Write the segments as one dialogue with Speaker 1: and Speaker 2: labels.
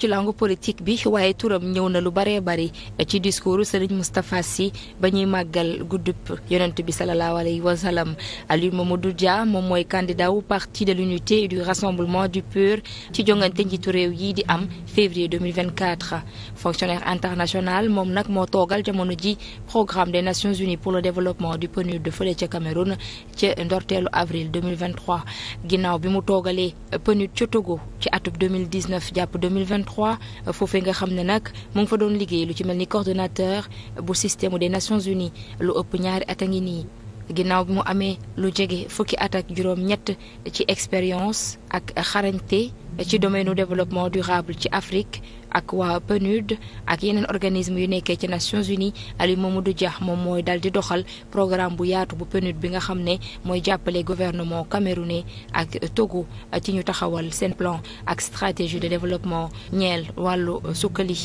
Speaker 1: ci langue politique bi waaye turam ñëw na lu baree bari ci discours Serigne Moustapha si ba ñuy màggal guddub yonent bi salallaahu alayhi wa sallam Aliou Mamadou Dia moom mooy candidat wu parti de l'unité et du rassemblement du PUR ci jongante njiitu réew yi di am février 2024 fonctionnaire international moom nag moo toogal jamono ji programme des Nations Unies pour le développement du PNUD de fële ca Cameroun ca ndorteelu avril 2023 bi mu toogalee PNUD 2023 euh, foofee nga xam ne nag mu ngi fa doon liggéey lu ci mel ni coordonnateur bu système des Nations Unies lu ëpp ñaari at a ngi nii ginnaaw bi mu amee lu jege fukki at ak juróom-ñett ci expérience ak xarañte E ci domaine développement durable ci Afrique ak waa PNUD ak yeneen organisme yu nekkee ci Nations Unies Aliou Mamadou Dia moom mooy dal di doxal programme bu yaatu bu PNUD bi nga xam ne mooy jàppale gouvernement camerounais ak Togo ci ñu taxawal seen plan ak stratégie de développement ñeel wàllu sukkali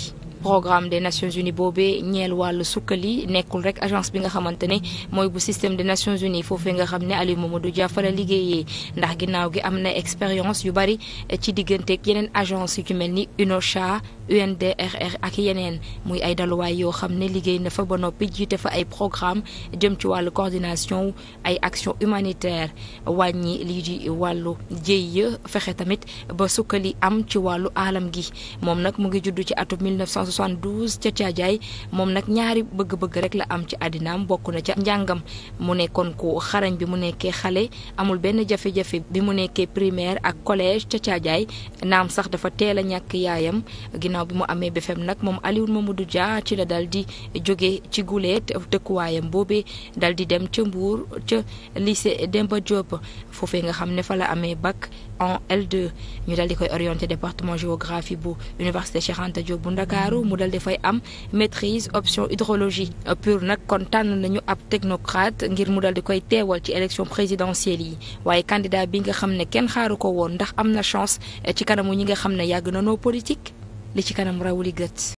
Speaker 1: programme des nations unies boobee ñeel wàllu sukkali nekkul rek agence bi nga xamante ne mooy bu système des nations unies foofee nga xam ne Aliou Mamadou Dia fa la liggéeyee ndax ginnaaw gi am na expérience yu bari ci diggante yeneen agence yu ci mel ni UNOCHA UNDRR ak yeneen muy ay daluwaay yoo xam ne liggéey na fa ba noppi jiite fa ay programme jëm ci wàllu coordination ay action humanitaire wàññi lii di wàllu jéy fexe tamit ba sukkali am ci wàllu aalam gi moom nag mu ngi juddu ci atum 1972 ca Caajaay moom nag ñaari bëgg-bëgg rek la am ci àddinaam bokk na ca njàngam mu nekkoon ko xarañ bi mu nekkee xale amul benn jafe-jafe bi mu nekkee primaire ak collège ca ca naam sax dafa teel a ñàkk yaayam ginnaaw bi mu amee BFEM nag moom Aliou Mamadou Dia ci la dal di jóge ci guleet dëkkuwaayam boobee dal di dem ca Mbour ca lycée Demba Diop foofee nga xam ne fa la amee bac en l ñu dal di koy orienté département géographie bu université Cheikh Anta Diop bu Ndakaaru mu dal di fay am maitrise option hydrologie pur nag kon tànn nañu ab technocrate ngir mu dal di koy teewal ci élection présidentielle yi waaye candidat bi nga xam ne kenn xaaru ko woon ndax am na chance ci kanamu ñi nga xam ne yàgg na noo politique li ci kanam rawuli gët